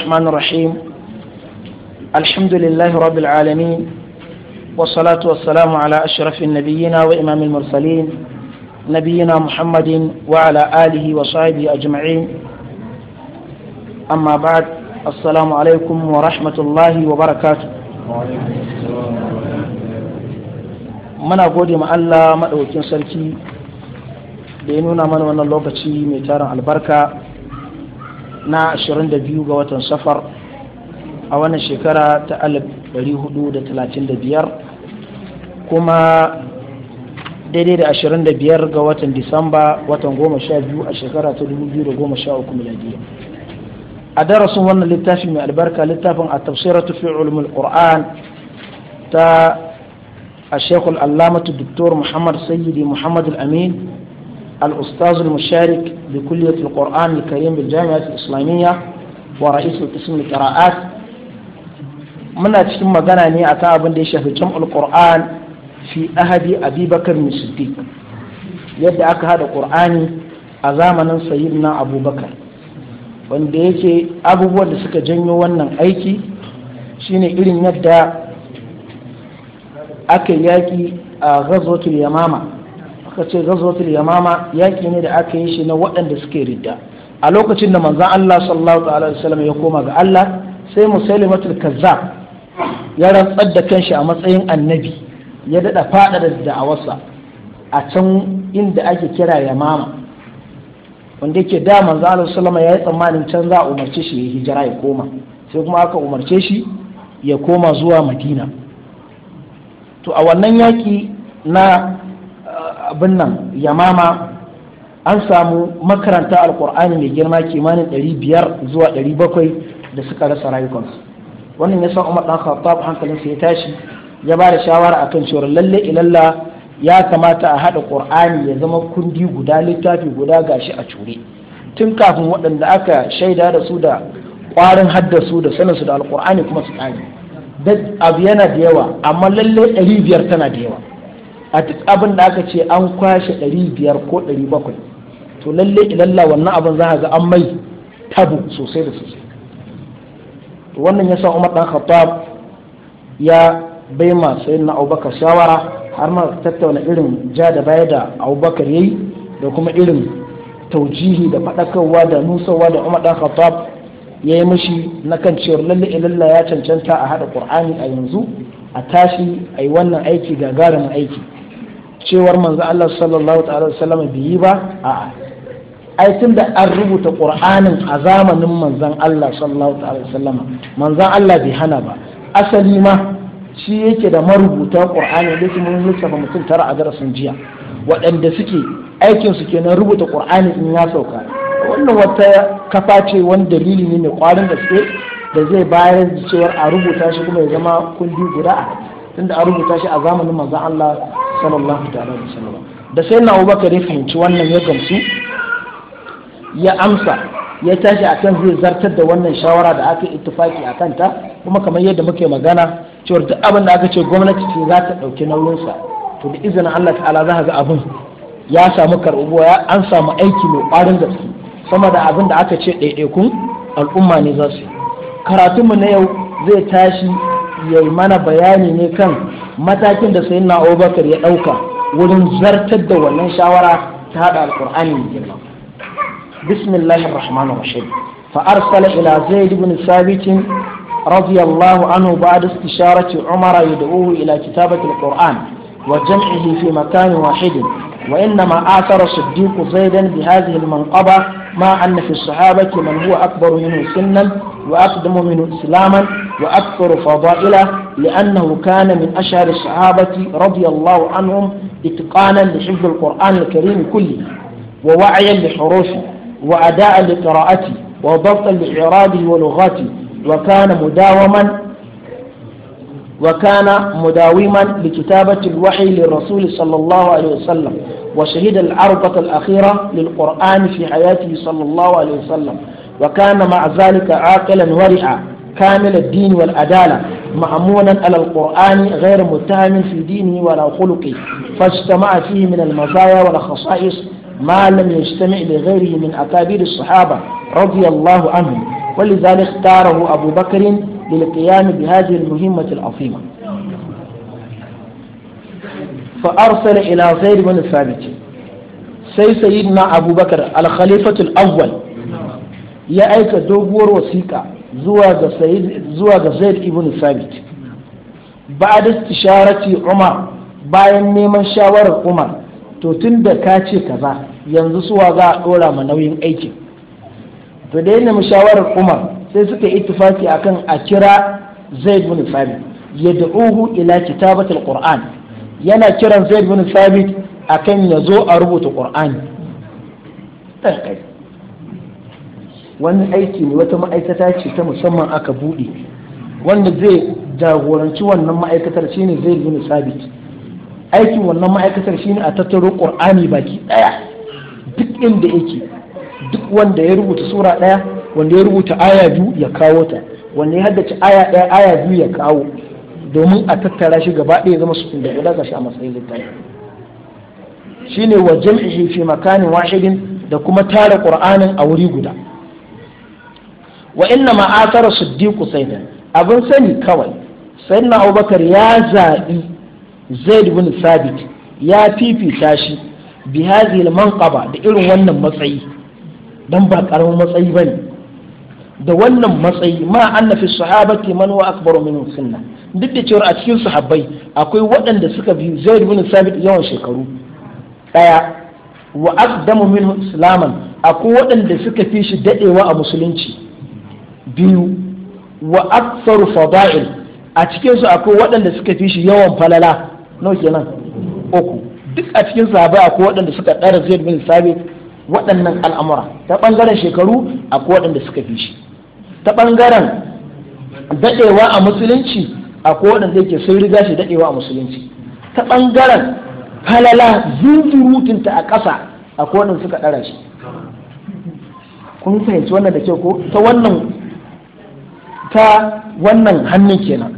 الرحمن الرحيم الحمد لله رب العالمين والصلاة والسلام على أشرف النبيين وإمام المرسلين نبينا محمد وعلى آله وصحبه أجمعين أما بعد السلام عليكم ورحمة الله وبركاته من أقول ما الله ما أوكين سلكي da ya nuna mana wannan lokaci mai tarin albarka na 22 ga watan safar a wannan shekara ta 1435 kuma daidai da 25 ga watan disamba watan 12 a shekara ta 2013 miladiyya a darasin wannan littafi mai albarka littafin a tafsiratu fi ulumul qur'an ta a shekul allamatu doktor muhammad sayyidi muhammad al-amin الأستاذ المشارك بكلية القرآن الكريم بالجامعة الإسلامية ورئيس قسم القراءات muna cikin magana ne akan abin da ya shafi jam'ul qur'an fi ahadi abubakar siddiq yadda aka haɗa ƙur'ani a zamanin sayyidina abubakar wanda yake abubuwan da suka janyo wannan aiki shine irin yadda aka yaki a ghazwatul yamama suka ce ghazwatul yamama yaki ne da aka yi shi na waɗanda suke ridda a lokacin da manzan Allah sallallahu alaihi wasallam ya koma ga Allah sai musailimatul kazzab ya rantsar da kanshi a matsayin annabi ya dada fada da da'awarsa a can inda ake kira yamama wanda yake da manzan Allah sallallahu alaihi ya yi tsammanin can za a umarce shi ya hijira ya koma sai kuma aka umarce shi ya koma zuwa madina to a wannan yaki na abin nan yamama an samu makaranta alkur'ani mai girma kimanin 500 zuwa 700 da suka rasa rayukansu wannan ya san umar dan khattab hankalinsa ya tashi ya ba da shawara akan cewa lalle ilalla ya kamata a haɗa ƙur'ani ya zama kundi guda littafi guda gashi a cure tun kafin waɗanda aka shaida da su da ƙwarin haddasu da su da alkur'ani kuma su ƙari abu yana da yawa amma lalle 500 tana da yawa a duk abin da aka ce an kwashe ɗari biyar ko ɗari bakwai to lalle ilalla wannan abin za ga an mai tabu sosai da sosai to wannan ya sa umar dan khattab ya bai ma yin na abubakar shawara har ma tattauna irin ja da baya da abubakar ya yi, da kuma irin taujihi da faɗakarwa da nusawa da umar ɗan khattab ya yi mashi na kan cewar lalle ilalla ya cancanta a haɗa ƙur'ani a yanzu a tashi a yi wannan aiki gagarumin aiki cewar manzo Allah sallallahu ta'ala wasallam bai yi ba a'a ai tunda an rubuta qur'anin a zamanin manzon Allah sallallahu ta'ala wasallam manzon Allah bai hana ba asali ma shi yake da marubuta qur'ani da kuma lissafa mutum tara a darasin jiya waɗanda suke aikin su kenan rubuta qur'ani in ya sauka wannan wata kafa ce wani dalili ne mai kwarin gaske da zai bayar da cewar a rubuta shi kuma ya zama kundi guda tunda a rubuta shi a zamanin manzon Allah sallallahu ta'ala da sallama da sai na abubakar ya fahimci wannan ya gamsu ya amsa ya tashi akan zai zartar da wannan shawara da aka yi ittifaki a kanta kuma kamar yadda muke magana cewar duk abin da aka ce gwamnati ce za ta ɗauki nauyinsa to da izinin Allah ta'ala za ga abin ya samu karɓuwa an samu aiki mai ƙwarin gaske sama da abin da aka ce ɗaiɗaikun al'umma ne za su yi karatunmu na yau zai tashi ya yi mana bayani ne kan matakin da sayyidina Abubakar ya ɗauka wurin zartar da wannan shawara ta hada alqur'ani mai girma bismillahir rahmanir rahim fa arsala ila zaid ibn sabit radiyallahu anhu ba'da istisharati umara yad'uhu ila kitabati alqur'an wa jam'ihi fi makan wahid وإنما آثر zaidan bi بهذه المنقبة ما أن في الصحابة من هو أكبر منه سنا وأقدم منه إسلاما وأكثر فضائله لأنه كان من أشهر الصحابة رضي الله عنهم إتقانا لحفظ القرآن الكريم كله ووعيا لحروفه وأداء لقراءته وضبطا لإعراضه ولغاته وكان مداوما وكان مداوما لكتابة الوحي للرسول صلى الله عليه وسلم وشهد العرضة الأخيرة للقرآن في حياته صلى الله عليه وسلم وكان مع ذلك عاقلا ورعا كامل الدين والعدالة مأمونا على القرآن غير متهم في دينه ولا خلقه فاجتمع فيه من المزايا والخصائص ما لم يجتمع لغيره من أكابر الصحابة رضي الله عنهم ولذلك اختاره أبو بكر للقيام بهذه المهمة العظيمة fa arsala ila zaid ibn thabit sai sayyidina abubakar al-khalifatul awwal ya aika doguwar wasiƙa zuwa ga sayyid zuwa ga zaid ibn thabit ba'da istisharati umar bayan neman shawarar umar to tunda ka ce kaza yanzu suwa za a dora ma nauyin aikin to da yana mushawarar umar sai suka yi ittifaki akan a kira zaid bin thabit yad'uhu ila kitabatil qur'an yana kiran zaid bin sabit a kan ya zo a rubuta ƙur'ani. wani aiki ne wata ma'aikata ce ta musamman aka buɗe wanda zai jagoranci wannan ma'aikatar shine zaid bin sabit aikin wannan ma'aikatar shine a tattaro ƙur'ani baki ɗaya. duk inda yake duk wanda ya rubuta sura ɗaya, wanda ya rubuta aya biyu ya kawo ta wanda ya haddace aya ɗaya aya biyu ya kawo domin a tattara shi gaba ɗaya zama su da guda shi a matsayin littafi ne wa jami'in fi makanin wahidin da kuma tara qur'anin a wuri guda wa inna ma atara siddiqu sayyidan abin sani kawai sayyidina abubakar ya zaɓi zaid bin sabit ya fifita shi bi hadhihi manqaba da irin wannan matsayi dan ba karamin matsayi bane da wannan matsayi ma anna fi sahabati man wa akbaru min sunnah duk da cewar a cikin sahabbai akwai waɗanda suka bi zaid bin sabit yawan shekaru daya wa aqdamu minhu islaman akwai waɗanda suka fi shi dadewa a musulunci biyu wa aktsaru fada'il a cikin su akwai waɗanda suka fi shi yawan falala nawa kenan uku duk a cikin sahabbai akwai waɗanda suka ɗara zaid bin sabit waɗannan al'amura ta ɓangaren shekaru akwai waɗanda suka fi shi ta ɓangaren daɗewa a musulunci A ko waɗanda yake sun riga shi daɗewa a musulunci ta ɓangaren falala zunzurutunta a ƙasa ko waɗanda suka ɗara shi kun fahimci wannan da ke ko ta wannan ta wannan hannun kenan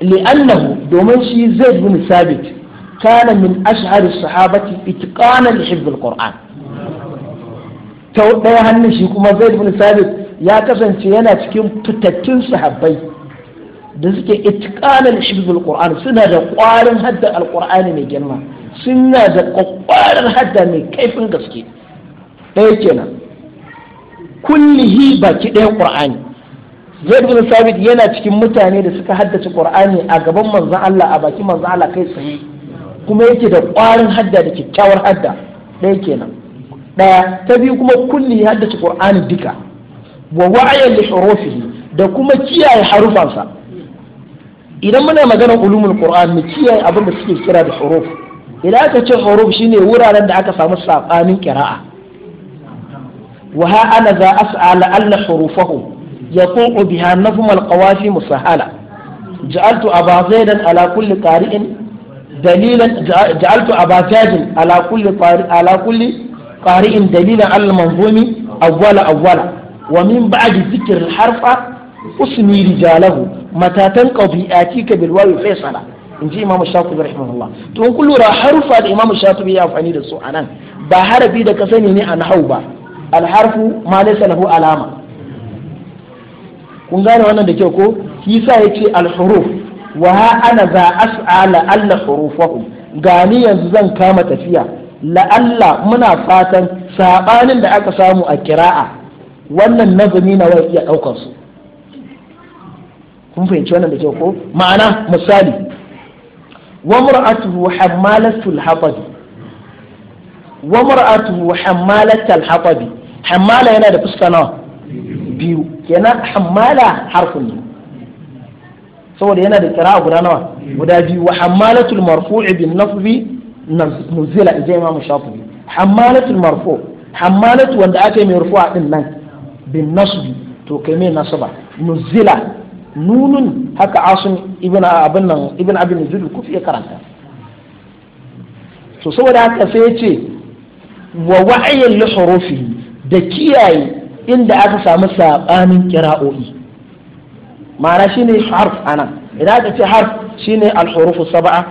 li'annahu domin shi zai bin sabit kana min ashari sahabati itqana hibbul qur'an ta ɗaya hannun shi kuma zai bin sabit ya kasance yana cikin fitattun sahabbai da suke itikalar shibzul qur'an suna da ƙwarin hadda alqur'ani mai girma suna da ƙwarin hadda mai kaifin gaske ɗaya kenan kullihi baki ɗaya qur'ani zai bin sabit yana cikin mutane da suka haddace qur'ani a gaban manzon Allah a baki manzon Allah kai tsaye kuma yake da ƙwarin hadda da kyakkyawar hadda ɗaya kenan ɗaya ta biyu kuma kulli haddace qur'ani duka wa wa'ayan li hurufihi da kuma kiyaye harufansa idan muna maganar ulumul qur'an mu kiyaye abin da suke kira da huruf idan aka ce huruf shine wuraren da aka samu sabanin qira'a wa ha ana za as'ala alla hurufahu yaququ biha nafm alqawafi musahala ja'altu aba zaidan ala kulli qari'in dalilan ja'altu aba zaidin ala kulli qari ala kulli qari'in dalilan al manzumi awwala awwala wa min ba'di dhikr al harfa usmi rijalahu matatan qadi'ati ka bil wawi faisala in ji imamu shatibi rahimahullah to in kullura harufa da imamu shatibi ya amfani da su anan ba harafi da ka sani ne a nahau ba Alharfu ma laysa lahu alama kun gane wannan da kyau ko shi sa yace al huruf wa ha ana za as'ala alla hurufahum gani yanzu zan kama tafiya la'alla muna fatan sabanin da aka samu a kira'a wannan nazumi na wai iya daukar su kun fahimci wannan da kyau ko ma'ana misali wa mar'atuhu hammalatul hatabi wa mar'atuhu hammalatul hatabi hammala yana da fuska nawa biyu kenan hammala harfun ne saboda yana da kira guda nawa guda biyu wa hammalatul marfu'i bin imam hammalatul marfu' hammalatu wanda aka yi mai rufu'a din nan bin nasbi to kai mai nasaba nunun haka asun ibn abin nan ibn abin kufi ya karanta to saboda haka sai ya ce wa wa'ayin li da kiyaye inda aka samu sabanin kira'o'i ma'ana shine harf anan idan aka ce harf shine ne alhurufu saba'a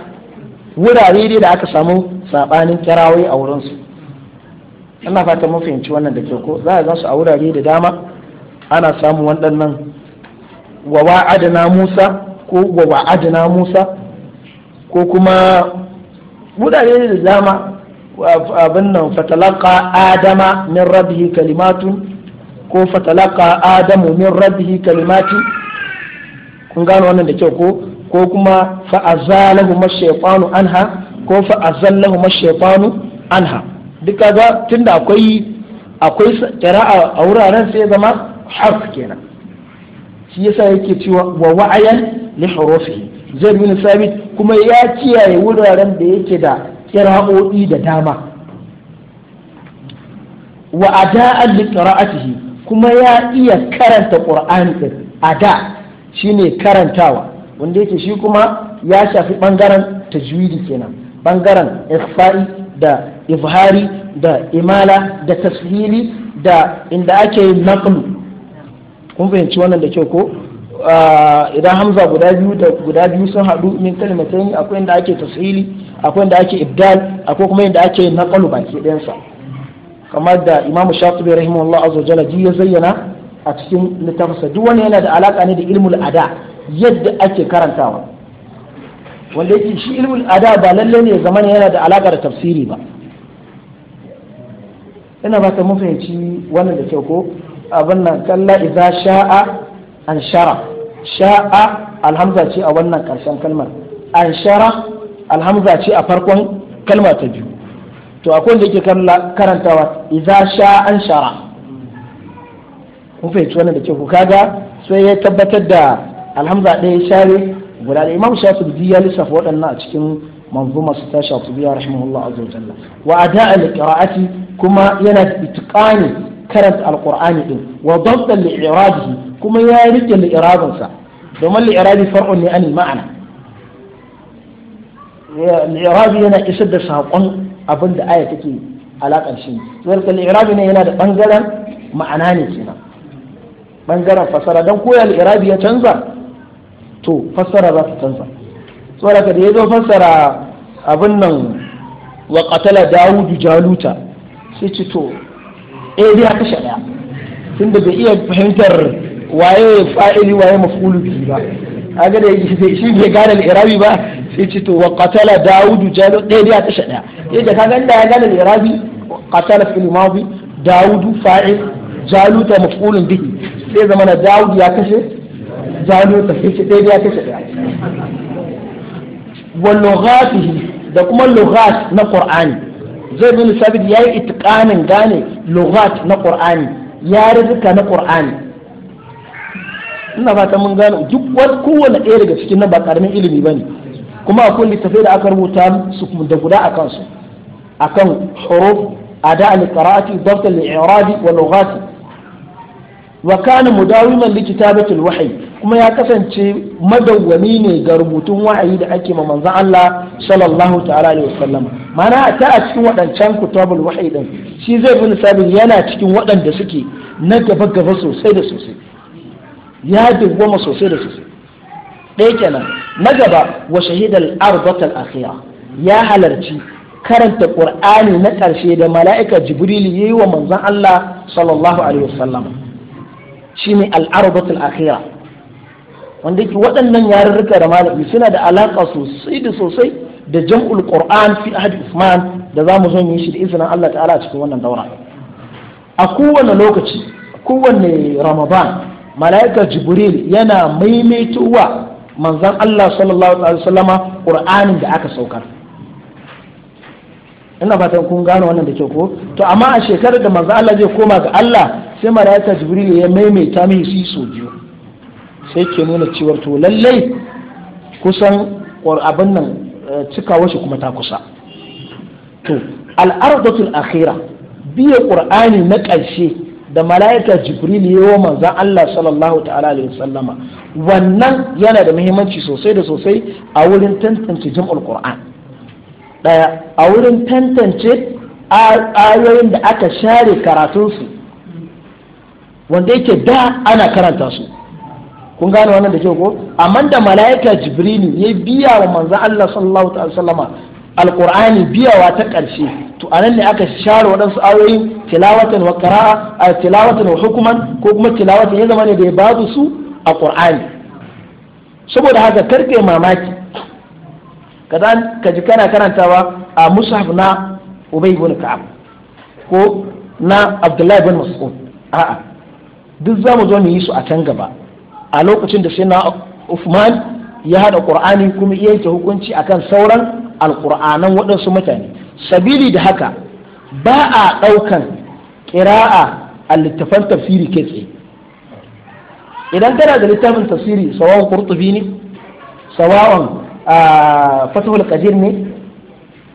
wurare ne da aka samu sabanin kira'o'i a wurinsu, ina fata mun fahimci wannan da ke ko za a gansu a wurare da dama ana samun waɗannan wa wa'adna Musa ko wa wa'adna Musa ko kuma wurare da dama abin nan fatalaka adama min rabbihi kalimatun ko fatalaka adamu min rabbihi kalimatu kun gano wannan da kyau ko ko kuma fa'azalahu mashaytanu anha ko fa'azallahu mashaytanu anha duk ga tunda akwai akwai qira'a a wuraren sai zama harf kenan shi yasa yake cewa wa wa'ayan li hurufihi zai bin sabit kuma ya kiyaye wuraren da yake da kira'o'i da dama wa ada'a li qira'atihi kuma ya iya karanta qur'ani din ada shine karantawa wanda yake shi kuma ya shafi bangaren tajwidi kenan bangaren ikhfa'i da ifhari da imala da tashili da inda ake yin naqlu kun fahimci wannan da kyau ko idan hamza guda biyu da guda biyu sun haɗu min kalmatain akwai inda ake tasiri, akwai inda ake ibdal akwai kuma inda ake naqalu baki ɗayansa kamar da imam shafi'i rahimahullah azza jalla ji ya zayyana a cikin littafinsa duk wani yana da alaka ne da ilmul ada yadda ake karantawa wanda yake shi ilmul ada ba lalle ne zaman yana da alaka da tafsiri ba ina ba ta mun fahimci wannan da kyau ko abin nan kalla Iza sha'a an shara sha'a alhamza ce a wannan karshen kalmar an shara alhamza ce a farkon kalma ta biyu to akwai da yake karantawa Iza sha'a an shara kun fahimci wannan da ke ku kaga sai ya tabbatar da alhamza ɗaya share guda da imam shafi ya lissafa waɗannan a cikin manzuma su منظومة 16 أطبية رحمه الله عز وجل وأداء القراءة كما ينت إتقان karanta alqur'ani din wa dabtan li irabihi kuma ya rike li irabinsa domin li irabi far'un ne anil ma'ana li irabi yana isar da abinda abin da aya take alakan shi wal li irabi ne yana da bangaren ma'ana ne kenan bangaren fasara dan koya li irabi ya canza to fasara za ta canza saboda ka da ya zo fasara abin nan wa qatala daud jaluta sai ce to ɗaya biya kashe ɗaya tunda bai iya fahimtar waye fa'ili waye maf'ulu bihi ba kaga da shi bai gane al-irabi ba sai ce to wa qatala daudu jalo ɗaya biya kashe ɗaya yadda kaga inda ya gane al-irabi qatala fil madi daudu fa'il jaluta maf'ulun bihi sai zama na daudu ya kashe jaluta sai ce ɗaya biya kashe ɗaya wa lughatihi da kuma lughat na qur'ani zai bin sabit ya yi itikanin gane lughat na qur'ani yarurruka na qur'ani ina fata mun gano duk wani kowane ɗaya daga cikin nan ba karamin ilimi ba ne kuma akwai littafai da aka rubuta su da guda a kansu akan huruf a da qiraati dabt da irabi wa lughati wa kana mudawiman likita kitabati al kuma ya kasance madawwami ne ga rubutun wa'ayi da ake ma manzan Allah sallallahu ta'ala alaihi wasallam mana ta a cikin waɗancan kutabul wahayi din shi zai bin sabin yana cikin waɗanda suke na gaba gaba sosai da sosai ya dawwama sosai da sosai ɗaya kenan na gaba wa shahidal arbatal akhira ya halarci karanta qur'ani na ƙarshe da mala'ika jibril yayi wa manzan Allah sallallahu alaihi wasallam shine al arbatul akhira wanda yake waɗannan yarurruka da malami suna da alaƙa sosai da sosai da jam'ul qur'an fi ahad usman da zamu zo mu yi shi da izinin Allah ta'ala a cikin wannan daura a kowane lokaci kowane ramadan malaika jibril yana maimaitowa manzon Allah sallallahu alaihi wasallama qur'anin da aka saukar ina fatan kun gano wannan da kyau ko to amma a shekarar da manzon Allah zai koma ga Allah sai malaika jibril ya maimaita mai su so biyu sai ke nuna cewar to lallai kusan abin nan eh, cikawa shi kuma ta kusa to al'ardatul akhira biya qur'ani na ƙarshe da mala'ika jibril yawa manzo Allah sallallahu ta'ala alaihi sallama wannan yana da muhimmanci sosai da sosai a wurin tantance jam'ul qur'an daya a wurin tantance ayoyin da aka share karatunsu wanda yake da ana karanta su kun gane wannan da ke ko amma da mala'ika jibrilu ya biya wa manzo Allah sallallahu alaihi wasallam alqur'ani biyawa ta karshe to anan ne aka share waɗansu ayoyi tilawatan wa qira'a a tilawatan wa hukuman ko kuma tilawatan ya zama ne da ya ba su a qur'ani saboda haka karke mamaki kadan ka ji kana karantawa a mushaf na ubay ibn ka'ab ko na abdullahi ibn mas'ud a'a duk zamu zo mu yi su a can gaba a lokacin da sayyidina Uthman ya hada Qur'ani kuma iya yanke hukunci akan sauran alqur'anan waɗansu mutane sabili da haka ba a ɗaukan ƙira'a a littafan tafsiri kai tsaye idan kana da littafin tafsiri sawawan kurtubi ne sawawan fatahul qadir ne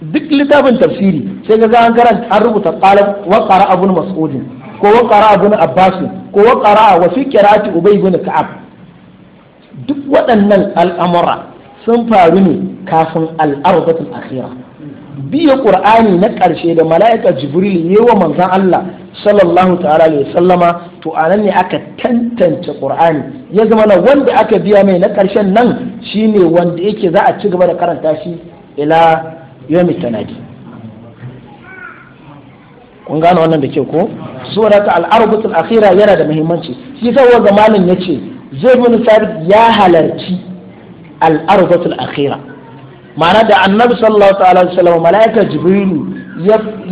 duk littafin tafsiri sai ga an karanta an rubuta qalam wa qara'a ibn mas'ud ko wa qara'a ibn abbas ko wa qara'a wa fi qira'ati ubay ibn ka'ab duk waɗannan al'amura sun faru ne kafin al'arzatul akhira biya ƙur'ani na ƙarshe da mala'ika jibril wa manzan Allah sallallahu ta'ala alaihi sallama to anan ne aka tantance ƙur'ani ya zama na wanda aka biya mai na ƙarshen nan shine wanda yake za a ci gaba da karanta shi ila yomi tanadi kun gane wannan da ke ko suratul al-arbatul akhira yana da muhimmanci shi sai wanda ya ce. zai bin sabit ya halarci al'arfatul akhira ma'ana da annabi sallallahu alaihi wasallam mala'ika jibrilu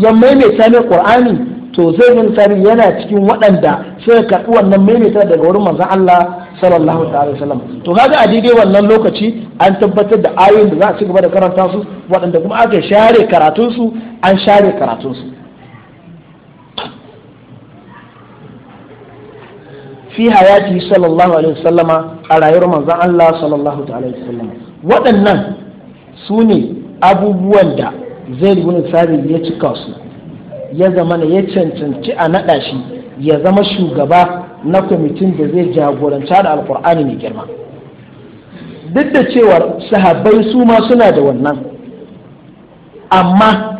ya maimaita mai qur'ani to zai bin sabit yana cikin waɗanda sai ka wannan maimaita daga wurin manzon Allah sallallahu alaihi wasallam to kaga a daidai wannan lokaci an tabbatar da ayoyin da za a ci gaba da karanta su waɗanda kuma aka share karatun su an share karatun su fi hayati sallallahu alaihi wasallama a rayuwar manzon Allah sallallahu alaihi wasallam waɗannan su ne abubuwan da zai ibn sabi ya cika su ya zama ya cancanci a naɗa shi ya zama shugaba na kwamitin da zai jagoranta da alkur'ani mai girma duk da cewa sahabbai su ma suna da wannan amma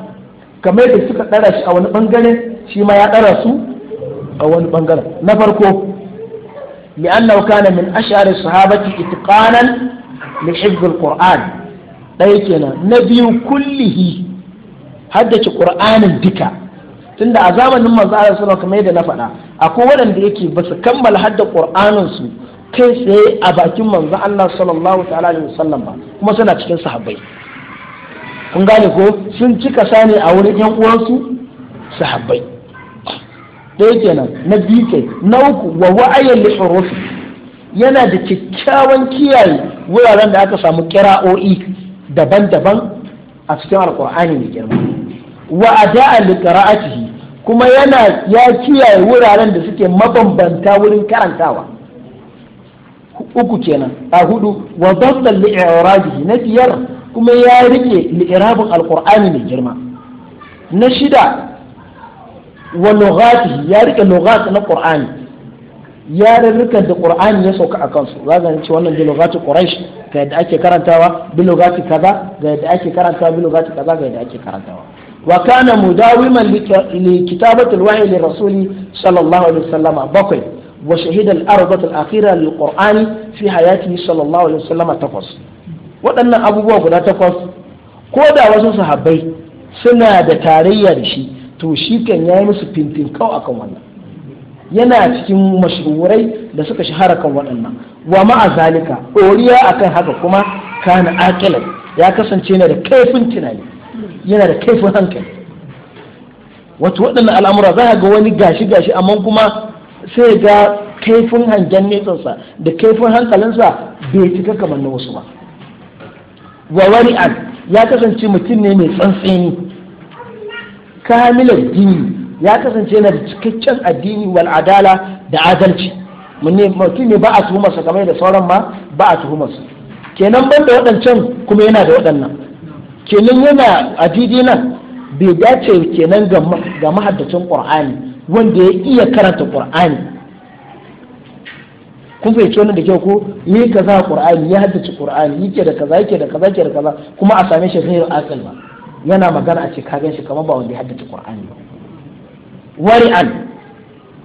kamar da suka ɗara shi a wani ɓangare shi ma ya ɗara su a wani ɓangaren na farko لأنه كان من أشعر الصحابة إتقانا لحفظ القرآن ɗaya na biyu kullihi haddace ƙur'anin duka tunda a zamanin manzo Allah sallallahu kamar yadda na faɗa akwai waɗanda yake ba su kammala hadda ƙur'anin su kai sai a bakin manzo Allah sallallahu ta'ala alaihi wasallam ba kuma suna cikin sahabbai kun gane ko sun cika sani a wurin ƴan uwansu sahabbai ɗaya kenan na biyu ke na uku wa wa'ayin lishurufi yana da kyakkyawan kiyaye wuraren da aka samu kira'o'i daban-daban a cikin alkur'ani mai girma wa ada'a liqira'atihi kuma yana ya kiyaye wuraren da suke mabambanta wurin karantawa uku kenan a hudu wa dabdal li'irabihi na biyar kuma ya rike li'irabin alkur'ani mai girma na shida wa lughatihi ya rike lughat na qur'ani ya rike da qur'ani ya sauka a kansu za ga ce wannan bi lughati quraish ga yadda ake karantawa bi lughati kaza ga yadda ake karantawa bi lughati kaza ga yadda ake karantawa wa kana mudawiman li kitabati alwahyi li rasuli sallallahu alaihi wasallam bakwai wa shahida al-ardat al-akhira lil qur'ani fi hayatihi sallallahu alaihi wasallam takwas waɗannan abubuwa guda takwas ko da wasu sahabbai suna da tarayya da shi to shi kan ya yi musu fintin kau akan wannan yana cikin mashhurai da suka shahara kan waɗannan wa ma'a zalika a akan haka kuma kana akila ya kasance yana da kaifin tunani yana da kaifin hankali wato waɗannan al'amura za ga wani gashi gashi amma kuma sai ga kaifin hangen nesansa da kaifin hankalinsa bai cika kamar na wasu ba wa wani ya kasance mutum ne mai tsantsini kamilar dini ya kasance yana da cikakken addini wal adala da adalci mutum ne ba a sa kamar da sauran ma ba a sa. kenan ban da waɗancan kuma yana da waɗannan kenan yana adidi nan bai dace kenan ga mahaddacin qur'ani wanda ya iya karanta qur'ani kun fahimci wannan da kyau ko yi kaza qur'ani ya haddace qur'ani yake da kaza yake da kaza yake da kaza kuma a same shi sai akal ba yana magana a ce ka gan shi kamar ba wanda ya haddace qur'ani ba wari'an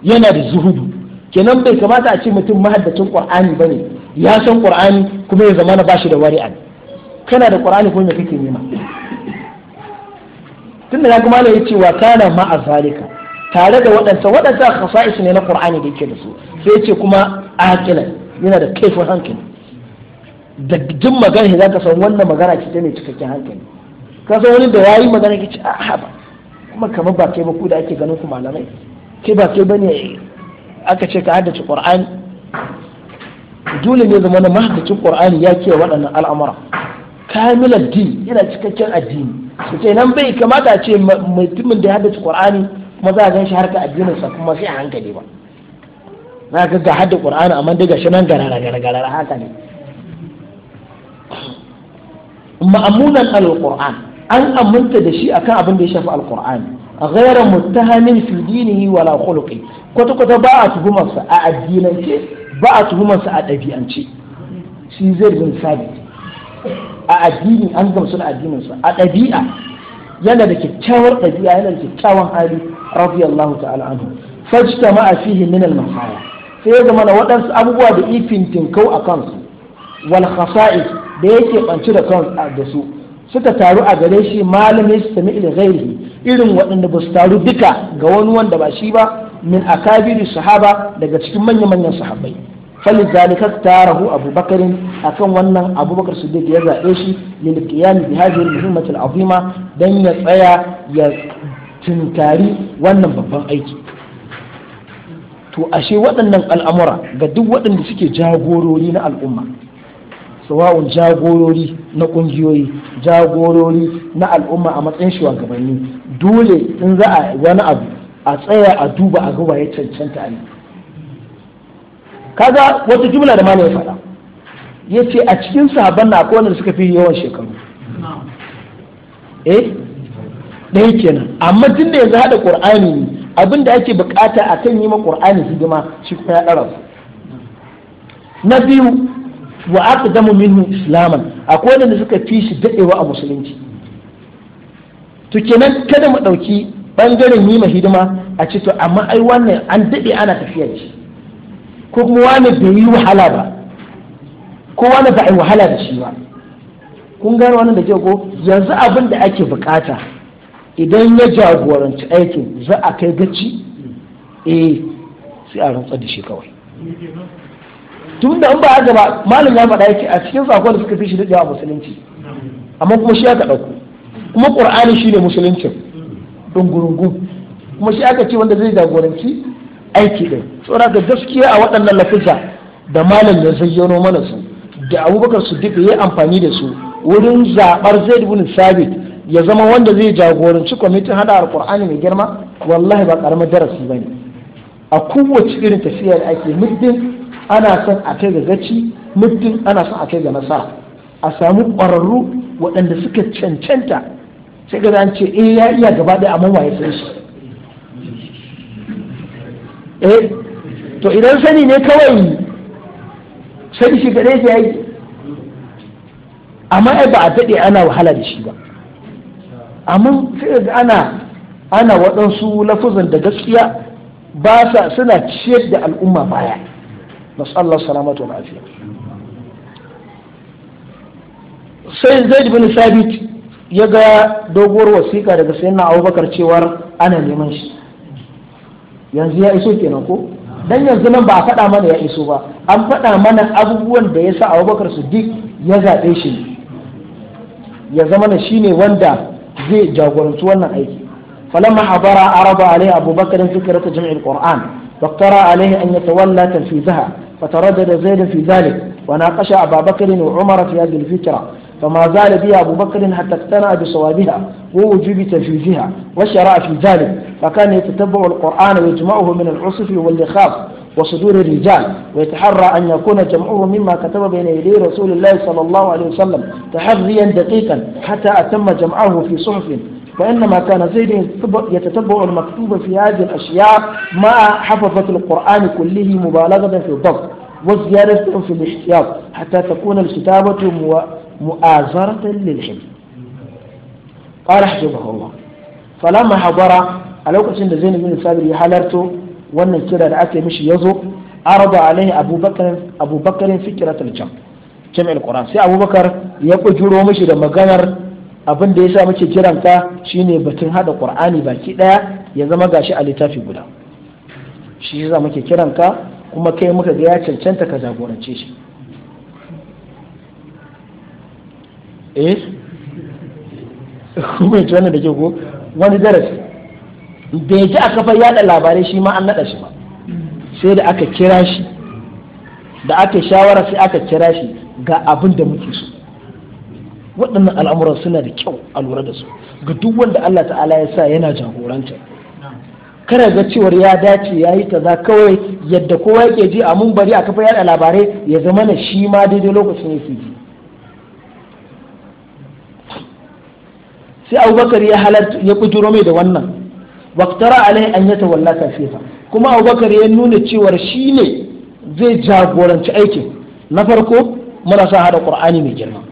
yana da zuhudu kenan bai kamata a ce mutum mahaddacin qur'ani bane ya san qur'ani kuma ya zama na bashi da wari'an kana da qur'ani kuma me kake nema tunda ya kuma ya ce wa kana ma azalika tare da waɗansa waɗansa khasa'is ne na qur'ani da yake da su sai ya ce kuma aqila yana da kaifin hankali da jin magana za san wannan magana ce ta mai cikakken hankali ka san wani da yayi magana ke ce a ba kuma kamar ba kai ba ku da ake ganin ku malamai ke ba kai bane aka ce ka haddace qur'ani dole ne zama na mahaddacin qur'ani ya ke waɗannan al'amura kamilar din yana cikakken addini su ce nan bai kamata a ce mutumin da ya haddace qur'ani kuma za a gan shi addinin addininsa kuma sai a hankali ba na ga ga hadda qur'ani amma daga shi nan garara garara haka ne ma'amunan alquran an aminta da shi akan abin da ya shafi A ghayra muttahamin fi dinihi wala khuluqi kwata kwata ba a tuhumarsa a addinance ba a tuhumarsa a ɗabi'ance shi zai bin sabit a addini an gamsu da addininsa a ɗabi'a yana da kyakkyawar ɗabi'a yana da kyakkyawan hali radiyallahu ta'ala anhu fajtama fihi min al-masaya sai ya zama waɗansu abubuwa da ifin tinkau a kansu wal khasa'is da yake ɓance da kansu da su suka taru a gare shi malami su sami ila ghairihi irin waɗanda ba su taru duka ga wani wanda ba shi ba min akabiri sahaba daga cikin manya-manyan sahabbai فلذلك اختاره ya بكر ya ونن qiyam bi hadhihi da إيشي al azima dan ya tsaya ya tuntari wannan babban aiki. to ashe waɗannan al'amura ga duk waɗanda suke jagorori na al'umma sawa'un jagorori na kungiyoyi jagorori na al'umma a matsayin shugabanni dole in za a wani abu a tsaya a duba a gaba ya cancanta a kaga wata jumla da mana ya faɗa ya ce a cikin sahabban na wanda suka fi yawan shekaru eh ɗaya kenan amma tun da yanzu haɗa ƙur'ani ne abin da ake bukata a kan yi ma ƙur'ani hidima shi kuma ya ɗara na biyu wa aqdamu minhu islaman akwai wanda suka fi shi daɗewa a musulunci to kenan kada mu ɗauki bangaren yi hidima a ce to amma ai wannan an dade ana tafiya shi ko kuma wani bai yi wahala ba ko wani ba a yi wahala da shi ba kun gano wannan da ke ko yanzu abin da ake bukata idan ya jagoranci aikin za a kai gaci eh sai a rantsa da shi kawai tun da an ba a gaba, malam ya faɗa yake a cikin sakon da suka fi shi da a musulunci amma kuma shi aka ɗauko kuma ƙur'ani shi ne musuluncin ɗungurungun kuma shi aka ce wanda zai jagoranci aiki ɗin tsora ga gaskiya a waɗannan lafiza da malam ya zayyano mana su da abubakar su duka ya amfani da su wurin zaɓar zaid bin sabit ya zama wanda zai jagoranci kwamitin hada alƙur'ani mai girma wallahi ba ƙaramin darasi ba ne a kowace irin tafiya da ake muddin ana son a kai ga gaci muddin ana son a kai ga nasara a samu ƙwararru waɗanda suka cancanta sai ga an ce eh ya iya gaba ɗaya amma waye san shi eh to idan sani ne kawai sani shi ga ya yi amma ai ba a daɗe ana wahala da shi ba amma sai ga ana ana waɗansu lafuzan da gaskiya ba sa suna ciyar da al'umma baya nasallar salamatu wa afiya sai zaid bin sabit ya ga doguwar wasiƙa daga sayyidina abubakar cewar ana neman shi yanzu ya iso kenan ko dan yanzu nan ba a faɗa mana ya iso ba an faɗa mana abubuwan da ya sa abubakar duk ya zaɓe shi ya zama na shi ne wanda zai jagoranci wannan aiki falamma habara araba alai abubakar fikrata jami'ar qur'an فاقترى عليه أن يتولى تنفيذها فتردد زيد في ذلك وناقش أبا بكر وعمر في هذه الفكرة فما زال بها أبو بكر حتى اقتنع بصوابها ووجوب تنفيذها وشرع في ذلك فكان يتتبع القرآن ويجمعه من العصف واللخاف وصدور الرجال ويتحرى أن يكون جمعه مما كتب بين يدي رسول الله صلى الله عليه وسلم تحريا دقيقا حتى أتم جمعه في صحف فإنما كان زيد يتتبع المكتوب في هذه الأشياء مع حفظة القرآن كله مبالغة في الضبط وزيادة في الاحتياط حتى تكون الكتابة مؤازرة للحفظ قال حفظه الله فلما حضر على وقت أن زين بن سابر يحلرته وأن كده رأته مش يزو عرض عليه أبو بكر أبو بكر فكرة الجمع جمع القرآن سي أبو بكر يقول جرو مش ده مغنر abin da ya sa muke kiran ka shine batun hada qur'ani baki daya ya zama gashi a littafi guda shi sa muke kiran ka kuma kai muka ga ya cancanta ka jagorance shi eh kuma ji wannan da ke ko wani darasi bai ji a kafar yada labarai shi ma an nada shi ba sai da aka kira shi da aka shawara sai aka kira shi ga abin da muke so waɗannan al'amuran suna da kyau a lura da su ga duk wanda Allah ta'ala ya sa yana jagoranta kada ga cewar ya dace ya yi kaza kawai yadda kowa yake ji a mun bari a kafa yada labarai ya zama na shi ma daidai lokacin yake ji sai abubakar ya halarta ya kujiro mai da wannan waktara alai an yata wallaka fiha kuma abubakar ya nuna cewar shi ne zai jagoranci aikin na farko muna sa hada qur'ani mai girma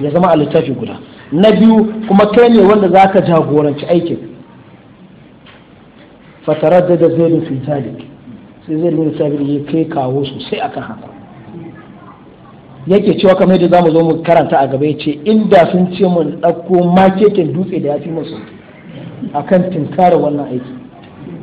ya zama a littafi guda na biyu kuma kai ne wanda za ka jagoranci aikin fatarar da zai fi zalik sai zai nuna sabiri ya kai kawo sosai a kan haka yake cewa kamar yadda zamu zo mu karanta a gaba yace inda sun ce mun ɗauko maketin dutse da ya fi musu akan tinkara wannan aiki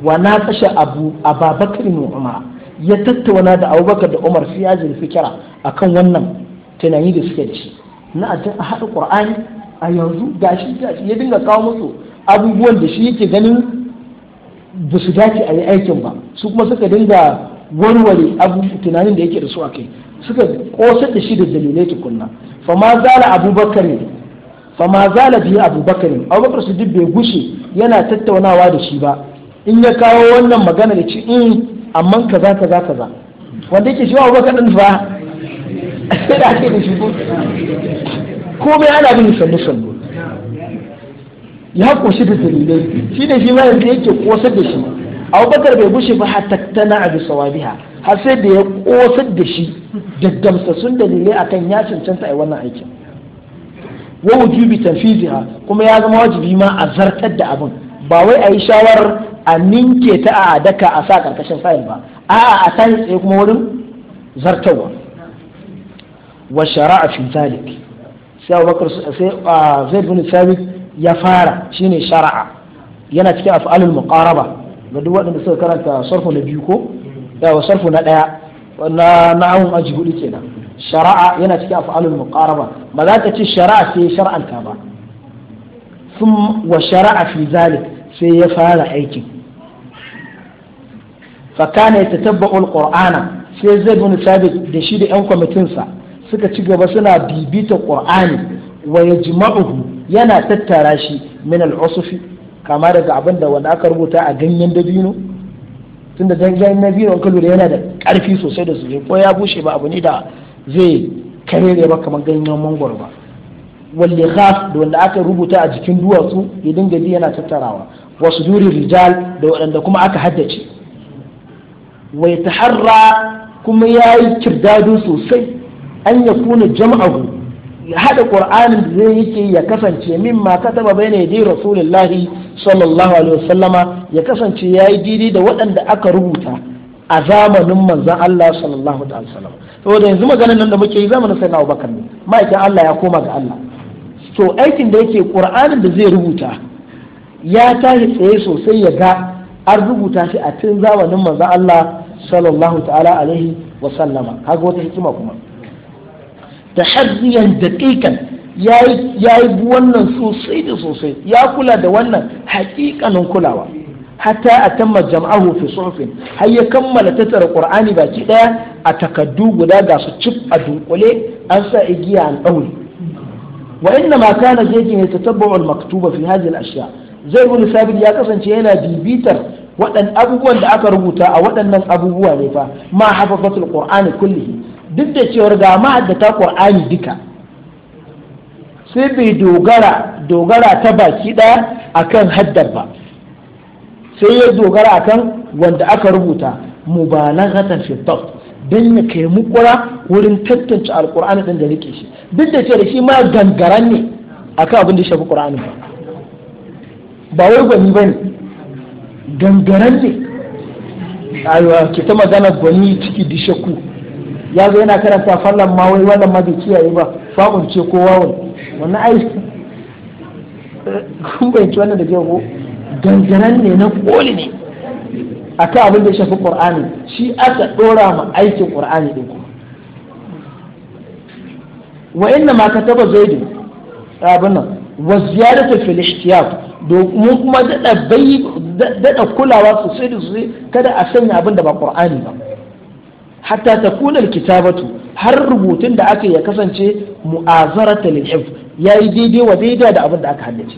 wa na kashe abu a ne umar ya tattauna da abubakar da umar fi ya zirfi kira akan wannan tunani da suke da shi na a haɗa ƙur'ani a yanzu gashi gashi ya dinga kawo musu abubuwan da shi yake ganin ba su dace a yi aikin ba su kuma suka dinga warware abubuwan tunanin da yake da su a kai suka kosar da shi da dalilai tukunna fama zala abubakar fama zala biyu abubakar abubakar su bai gushe yana tattaunawa da shi ba in ya kawo wannan magana da ci in mm, amma kaza kaza kaza wanda yake shi abubakar din fa da ake da shi ana bin sannu-sannu ya koshi da dalilai shi da shi ma yanzu yake kosar da shi abubakar bai gushe ba hatattana a bisa wabiha har sai da ya kosar da shi da gamsassun dalilai akan ya cancanta a wannan aikin wa wujubi tanfiziha kuma ya zama wajibi ma a zartar da abin ba wai a yi shawarar a ninke ta a daka a sa karkashin fayil ba a'a a tashi tsaye kuma wurin zartarwa wa shara'a fi zalik sai abubakar sai ah, zaid bin thabit ya fara shine shara'a yana cikin af'alul muqaraba ga duk waɗanda suka karanta sarfu na biyu ko yawa sarfu na ɗaya na na'awun aji hudu kenan shara'a yana cikin af'alul muqaraba ba za ka ce shara'a sai shar'anta ba sun wa shara'a fi zalik sai ya fara aikin fa kana yatatabba'u alqur'ana sai zaid bin thabit da shi da yan kwamitinsa suka ci gaba suna bibita qur'ani wa yajma'uhu yana tattara shi min al kama daga abinda da wanda aka rubuta a ganyen dabino tunda ganyen dabino in ka lura yana da karfi sosai da sosai ko ya bushe ba abu ne da zai karere ba kamar ganyen mangwaro ba walli khas da wanda aka rubuta a jikin duwatsu ya dinga ji yana tattarawa wasu duri rijal da waɗanda kuma aka haddace wai taharra kuma ya yi kirdado sosai an ya kuna jama'ahu ya hada qur'anin da zai yake ya kasance min ma kataba bayna yadi rasulullahi sallallahu alaihi wasallama ya kasance yayi didi da waɗanda aka rubuta a zamanin manzan Allah sallallahu alaihi wasallam da yanzu maganar nan da muke yi zamanin sai na Abubakar ne ma'aikin Allah ya koma ga Allah to aikin da yake qur'anin da zai rubuta ya tashi tsaye sosai ya ga an rubuta shi a tun zamanin manzan Allah sallallahu ta'ala alaihi wa sallama kaga wata hikima kuma taharriyan daƙiƙan ya yi wannan sosai da sosai ya kula da wannan haƙiƙanin kulawa hatta atamma jam'ahu fi suhufin har ya kammala tattara qur'ani baki daya a takaddu guda ga su cif a dunkule an sa igiya an daure wa inna ma kana jejin ya tatabbu al maktuba fi hadhihi al ashya zai ibn sabit ya kasance yana bibitar waɗannan abubuwan da aka rubuta a waɗannan abubuwa ne fa ma hafazatul qur'ani kullihi duk da cewar ga ma'addata ƙwar'ani duka sai bai dogara dogara ta baki ɗaya akan haddar ba sai ya dogara akan wanda aka rubuta mu na fi dhabt don ya kai mukura wurin tattance alƙur'ani ɗin da rike shi duk da cewar shi ma gangaran ne akan abin da shafi ƙur'ani ba ba wai gwani ne, gangaran ne aywa ke ta magana gwani ciki dishaku ya zo yana karanta fallon ma wai wannan ma bai kiyaye ba fa'un ce ko wawon wannan ai eh, kun bayanci wannan da ke ko gangaran ne na koli ne a kan abin da ya shafi ƙur'ani. shi aka ɗora ma aikin ƙur'ani ɗin kuma wa inna ma ka zai zaidu abin nan wa ziyarata fil domin kuma daɗa kulawa sosai da sosai kada a sanya abin da ba ƙur'ani ba hatta kunar kitabatu, har rubutun da aka ya kasance mu'azarata lil ya yayi daidai wa daidai da abin da aka haddace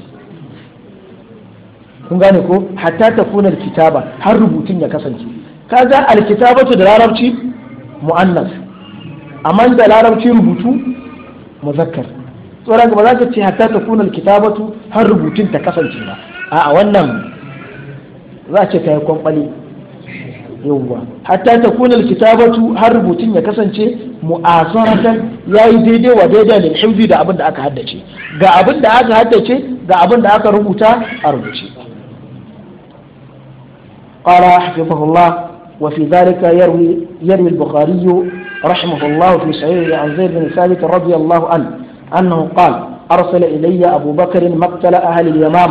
kun gane ko hatta kunar kitaba har rubutun ya kasance kaga alkitabatu da larabci mu'annas amma da larabci rubutu muzakkar tsoron ba za ka ce hatta kunar kitabatu har rubutun ta kasance ba a'a wannan za ce ta yi kwankwali yawwa hatta ta kuna kitabatu har rubutun ya kasance mu'asaratan yayi daidai wa daidai lil hifzi da abin aka haddace ga abin aka haddace ga abinda aka rubuta a rubuce qala hafizahullah wa fi dhalika yarwi yarwi al fi sahih an zayd bin sabit radiyallahu an annahu qala أرسل إلي أبو بكر مقتل أهل sai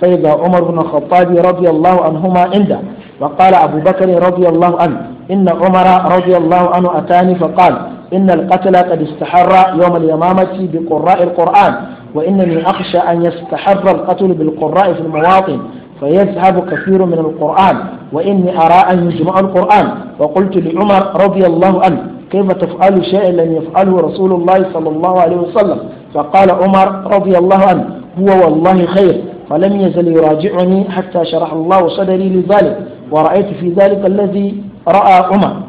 فإذا umar بن الخطاب رضي الله عنهما عنده وقال أبو بكر رضي الله عنه إن عمر رضي الله عنه أتاني فقال إن القتل قد استحر يوم اليمامة بقراء القرآن وإنني أخشى أن يستحر القتل بالقراء في المواطن فيذهب كثير من القرآن وإني أرى أن يجمع القرآن وقلت لعمر رضي الله عنه كيف تفعل شيئا لم يفعله رسول الله صلى الله عليه وسلم فقال عمر رضي الله عنه هو والله خير فلم يزل يراجعني حتى شرح الله صدري لذلك ورأيت في ذلك الذي رأى عمر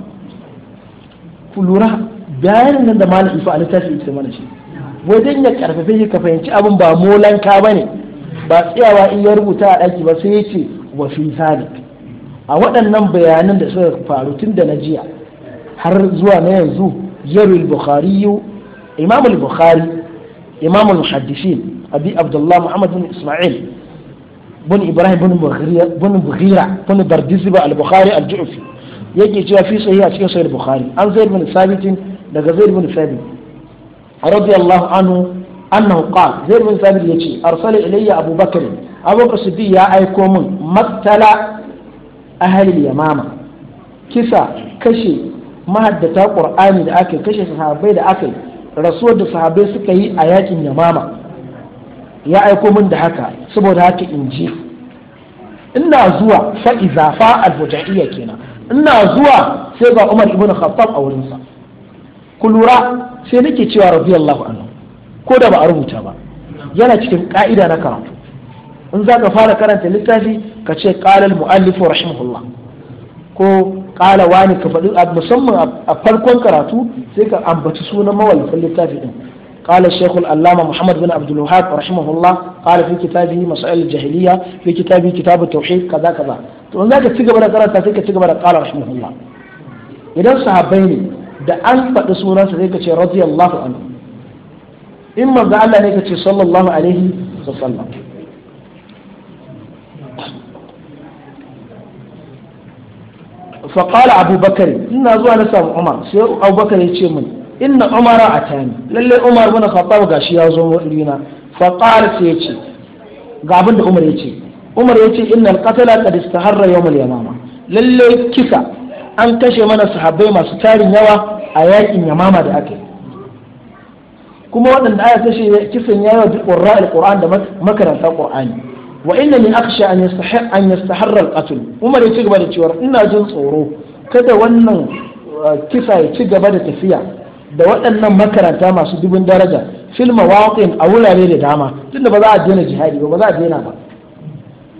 كل رأى bayanin nan da malam ifa a tashi ita mana shi wajen ya karfafe shi ka fahimci abun ba molanka bane. ba tsayawa in ya rubuta a ɗaki ba sai ya ce wa a waɗannan bayanan da suka faru tun da na jiya har zuwa na yanzu yarul bukhari imam al-bukhari imam al-muhaddishin abi abdullah bin isma'il bin ibrahim bin bukhira bin bukhira bin bardisiba al-bukhari al-ju'fi yake cewa fi sahih a cikin sahih bukhari an zaid bin sabit daga zaid bin sabit radiyallahu anhu annahu qala zaid bin sabit yace arsala ilayya abubakar abubakar siddiq ya aiko min maktala ahli yamama kisa kashe mahaddata ƙur'ani da aka kashe sahabbai da aka rasuwar da sahabai suka yi a yaƙin yamama ya aiko min da haka saboda haka in ji ina zuwa fa'iza iza fa kenan ina zuwa sai ga Umar ibn Khattab a wurinsa ku lura sai nake cewa radiyallahu anhu ko da ba a rubuta ba yana cikin ka'ida na karatu in za ka fara karanta littafi ka ce qalal muallif rahimahullah ko qala wani ka faɗi musamman a farkon karatu sai ka ambaci sunan mawallafin littafi din قال الشيخ الألامة محمد بن عبد الوهاب رحمه الله قال في كتابه مسائل الجاهلية في كتابه كتاب التوحيد كذا كذا تقول لك تقبل قرأت تلك تقبل قال رحمه الله إذا الصحابين da an faɗi sunansa zai kace radiyallahu anhu in manzo Allah ne kace sallallahu alaihi wa sallam fa qala abubakar ina zuwa na samu umar sai inna umara a tani lalle umar bin khattab gashi ya zo madina fa qala sai yace ga abin da umar yace umar yace inna al-qatala qad istaharra yawm al-yamama lalle kisa an kashe mana sahabbai masu tarin yawa a yakin yamama da aka kuma waɗanda aka kashe kisan yawa bi qurra al-qur'an da makaranta qur'ani wa inna min akhsha an yastahir an yastaharra alqatl umar ya ci gaba da cewa ina jin tsoro kada wannan uh, kisa ya ci gaba da tafiya da waɗannan makaranta masu dubin daraja fil mawaqin a wurare da dama tunda ba za a daina jihadi ba ba za a daina ba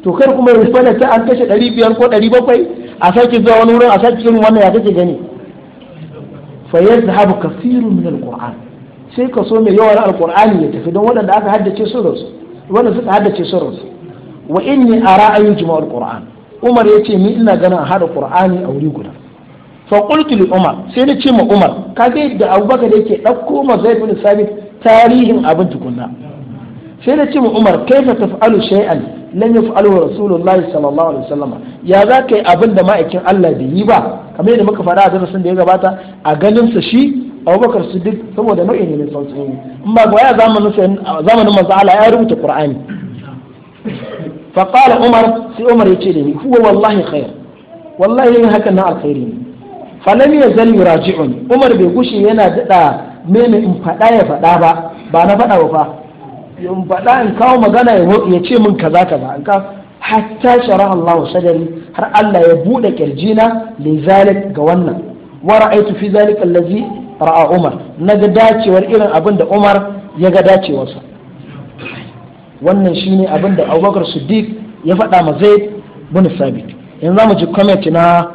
to kar kuma ya fada ta an kashe 500 ko 700 a sake zuwa wani wurin a sake irin wannan ya kake gani fa yadhhabu kathirun min alquran sai ka so mai yawan alqur'ani ya tafi don waɗanda aka haddace su rasu wanda suka haddace su rasu wa inni ara an yujma alquran umar yace ni ina ganin hada qur'ani a wuri guda fa qultu umar sai na ce ma umar kaga da abubakar yake dauko ma zai fi sabit tarihin abinci kunna. sai na ce ma umar kaifa taf'alu shay'an lam yaf'aluhu rasulullahi sallallahu alaihi wasallam ya za kai abin da ma'aikin Allah bai yi ba kamar da muka faɗa a darasin da ya gabata a ganin sa shi Abubakar Siddiq saboda nau'i ne mai sauki in ba ga ya zamanin zamanin manzo Allah ya rubuta Qur'ani fa umar sai umar yace da ni huwa wallahi khair wallahi hakan na alkhairi ne falam ya zal yuraji'un umar bai gushe yana dada mene in faɗa ya faɗa ba ba na faɗa ba fa in faɗa in kawo magana ya ce min kaza kaza in ka hatta shara Allah sadari har Allah ya buɗe kirjina li zalik ga wannan wa ra'aytu fi zalik allazi ra'a umar na ga dacewar irin abin da umar ya ga dacewarsa wannan shine abin da Abubakar Siddiq ya faɗa ma Zaid bin Sabit yanzu mu ji comment na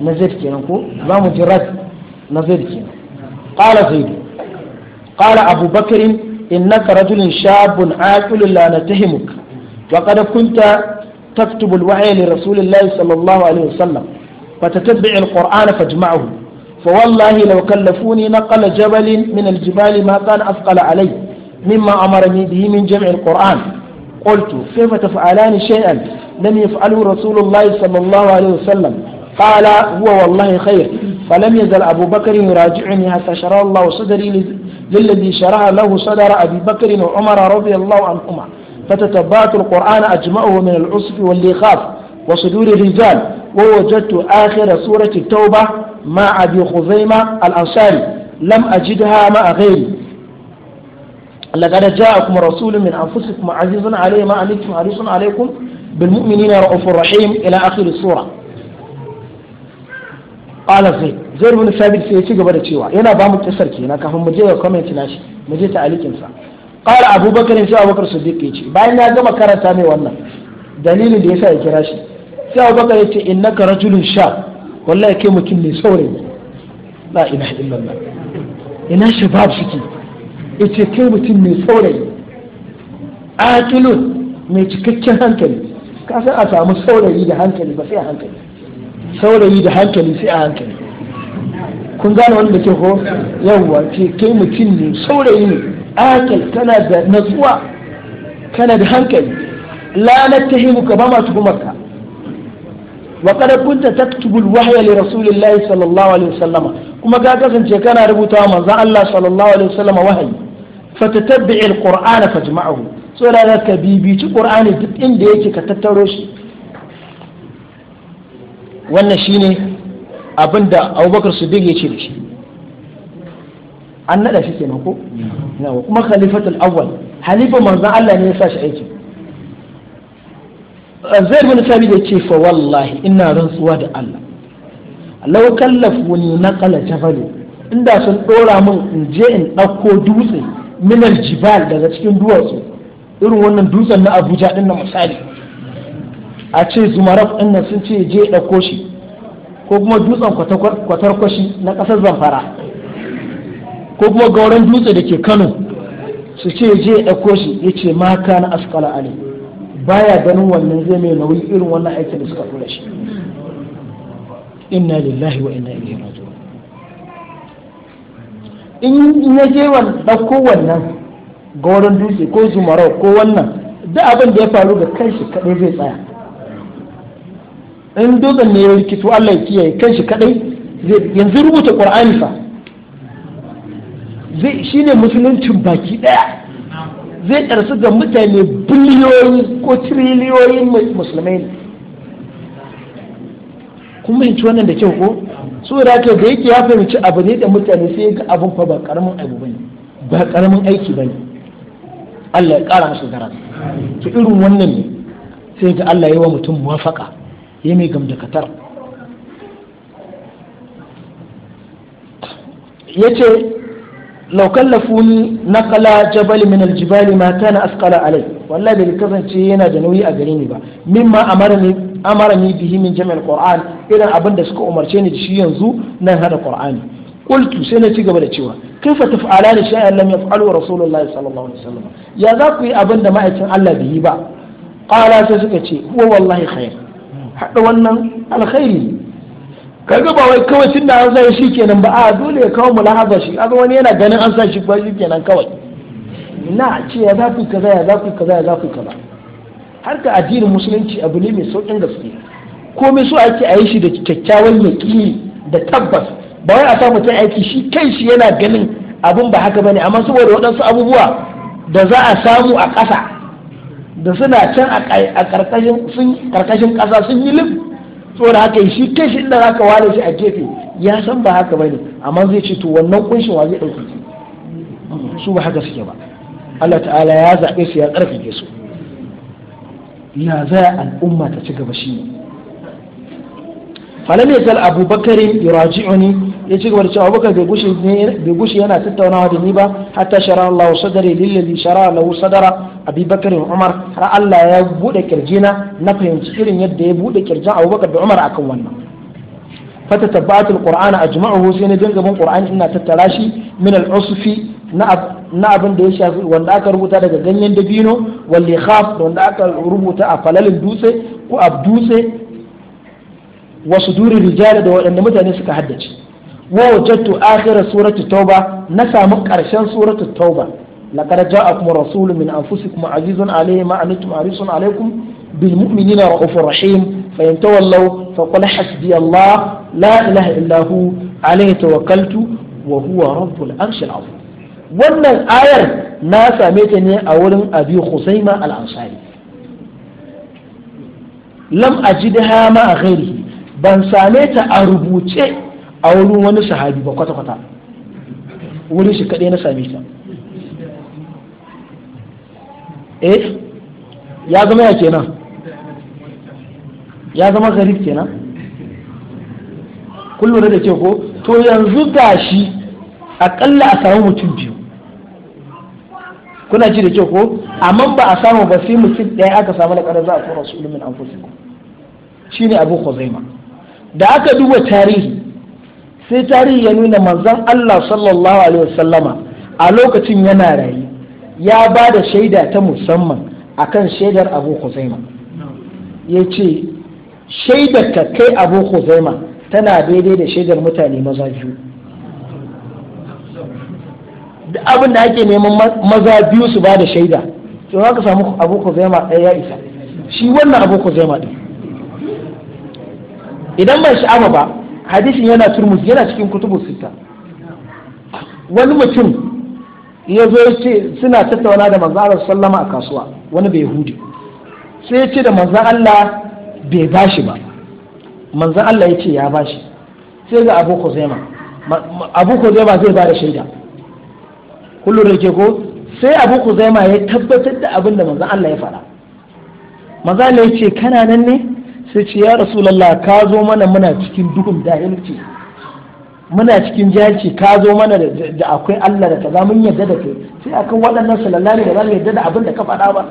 na zai ke nan ko za mu na zai ke nan ƙala zai ne ƙala abubakar in na karajulin shabun aƙulun lana ta himuk wa ƙada kunta taktubul wahayi ne rasulullah sallallahu alaihi wasallam fata tabbi'in ƙor'ana fa jima'ahu fa wallahi lau kallafuni na ƙala jabalin min aljibali ma kan afqala alai mimma amara ni bihi min jami'in ƙor'an qultu kaifa tafa'alani shay'an lam yaf'alhu rasulullah sallallahu alaihi wasallam قال هو والله خير فلم يزل أبو بكر يراجعني حتى شرع الله صدري للذي شرع له صدر أبي بكر وعمر رضي الله عنهما فتتبعت القرآن أجمعه من العصف واللخاف وصدور الرجال ووجدت آخر سورة التوبة مع أبي خزيمة الأنصاري لم أجدها مع غيري لقد جاءكم رسول من أنفسكم عزيز عليه ما أنتم حريص عليكم بالمؤمنين رؤوف رحيم إلى آخر السورة qala zai zai rubuta sabit sai ya ci gaba da cewa yana ba mu kisar kenan kafin mu je ga comment nashi mu je ta alikin sa qala abubakar sai abubakar siddiq ya ce bayan ya gama karanta mai wannan dalilin da yasa ya kira shi sai abubakar ya ce innaka rajulun sha wallahi kai mutum ne saurayi la ilaha illallah ina shabab ya yace kai mutum ne saurayi aqilun mai cikakken hankali ka san a samu saurayi da hankali ba sai hankali saurayi da hankali sai a hankali kun gane da ke ko yawwa ce kai mutum ne saurayi ne a hankali tana da natsuwa kana da hankali ta nattahimu ka ba ma tuhumarka wa qad kunta taktubul wahya li rasulillahi sallallahu alaihi wasallam kuma ka kasance kana rubuta manzon Allah sallallahu alaihi wasallam wahayi fa fatatabbi alqur'ana fajma'ahu saboda ka bibici qur'ani duk inda yake ka tattaro shi wannan shine abin da abubakar su ya ce da shi an nada shi kenan ko nawa kuma khalifatul awwal halifa manzan Allah ne ya sa shi aiki zai bin sabi da ce fa wallahi ina rantsuwa da Allah law kallafu ni naqala In inda sun ɗora min in je in ɗauko dutse minar jibal daga cikin duwatsu irin wannan dutsen na Abuja din na misali a ce zumaraf ɗin nan sun ce je ɗauko shi ko kuma dutsen kwatar kwashi na ƙasar zamfara ko kuma gauran dutse da ke kano su ce je ɗauko shi ya ce maka na askala ali baya ganin wannan zai mai nauyi irin wannan aikin da suka tura shi inna lillahi wa inna ilaihi raji'un in ya je ɗauko wannan gauran dutse ko zumarau ko wannan duk abin da ya faru da kanshi kaɗai zai tsaya in dutsen ne ya rikito Allah ya kiyaye kanshi kadai yanzu rubuta qur'ani fa zai shine musuluncin baki daya zai karsu ga mutane biliyoyi ko triliyoyin musulmai kun fahimci wannan da kyau ko so da ke da yake ya fahimci abu ne da mutane sai ga abun fa ba karamin abu bane ba karamin aiki bane Allah ya kara masa garan to irin wannan ne sai ga Allah ya wa mutum muwafaka ya mai gamdakatar ya ce laukallafuni na kala jabali min aljibali ma kana askala alai wallahi bai kasance yana da nauyi a gare ni ba mimma amara ni bihi min jami'ar qur'an irin abin da suka umarce ni da shi yanzu nan hada qur'ani qultu sai na ci gaba da cewa kaifa taf'ala da shay'an lam yaf'alu rasulullahi sallallahu alaihi wasallam ya za ku yi abin da ma'aikin Allah bai yi ba qala sai suka ce huwa wallahi khair haɗa wannan alkhairi kaga ba wai kawai tun da an sa shi kenan ba a dole ya kawo mulahaza shi aga wani yana ganin an sa shi ba shi kenan kawai na ce ya zafi kaza ya zafi kaza ya zafi kaza harka addinin musulunci abu ne mai saukin gaske komai so ake a yi shi da kyakkyawan yaƙini da tabbas ba wai a sa mutum aiki shi kai shi yana ganin abin ba haka bane amma saboda waɗansu abubuwa da za a samu a ƙasa da suna can a karkashin ƙasa sun yi lif saboda haka shi kai shi inda za ka wale shi a gefe ya san ba haka ba amma zai ce to wannan kunshin wa zai ɗauki su ba haka suke ba Allah ta'ala ya zaɓe su ya ƙarfafe su ya zaya al'umma ta ci gaba shi ne falam yazal abubakarin yuraji'uni ya ci gaba da cewa abubakar bai gushi yana tattaunawa da ni ba hatta shara Allah sadari lillazi shara lahu sadara abubakar da umar har Allah ya buɗe kirjina na fahimci irin yadda ya bude kirjin abubakar da umar akan wannan fata ƙurani alquran ajma'uhu sai na dinga bin qur'ani ina tattara shi min usfi na abin da ya shafi wanda aka rubuta daga ganyen dabino walli khaf wanda aka rubuta a falalin dutse ko a dutse wasu duri rijali da waɗanda mutane suka haddace wa wajadtu akhir surati tauba na samu karshen surati tauba laqad ja'akum rasulun min anfusikum azizun alayhi ma antum harisun alaykum bil mu'minina ra'ufur rahim fa in tawallaw fa qul hasbi Allah la ilaha illa hu alayhi tawakkaltu wa huwa rabbul arshil azim wannan ayar na same ta ne a wurin abi husaima al-ansari lam ajidha ma a ghairihi ban same ta a rubuce a wurin wani sahabi ba kwata-kwata wurin shi kaɗai na same ta eh ya zama ya kenan ya zama garib kenan kun lura da ke ko to yanzu gashi akalla a samu mutum biyu kuna ji da ke ko amma ba a samu ba sai mutum ɗaya aka samu da ƙarar za a tura su ilimin an ne abu khuzaima da aka duba tarihi sai tarihi ya nuna manzon Allah sallallahu alaihi wasallama a lokacin yana rayu ya ba da shaida ta musamman akan shaidar Abu kuzaima ya ce shaidar ka kai Abu kuzaima tana daidai da shaidar mutane maza biyu abin da ake neman maza biyu su ba da shaida to za ka samu Abu kuzaima ɗaya ya isa shi wannan Abu kuzaima ɗin idan ban sha'awa ba hadisin yana turmus yana cikin kutubu sita wani mutum ya zo ya ce suna tattauna da manzo Allah sallama a kasuwa wani bai hudu sai ya ce da manzo Allah bai bashi ba manzo Allah ya ce ya bashi sai ga Abu Khuzaima Abu Khuzaima zai ba da shaida kullu ke ko sai Abu Khuzaima ya tabbatar da abin da manzo Allah ya faɗa manzo Allah ya ce kana nan ne sai ce ya rasulallah ka zo mana muna cikin duhun dahilci muna cikin jahilci ka zo mana da akwai Allah da za mun yadda da kai sai akan waɗannan sallallahu za mu yadda da abin da ka faɗa ba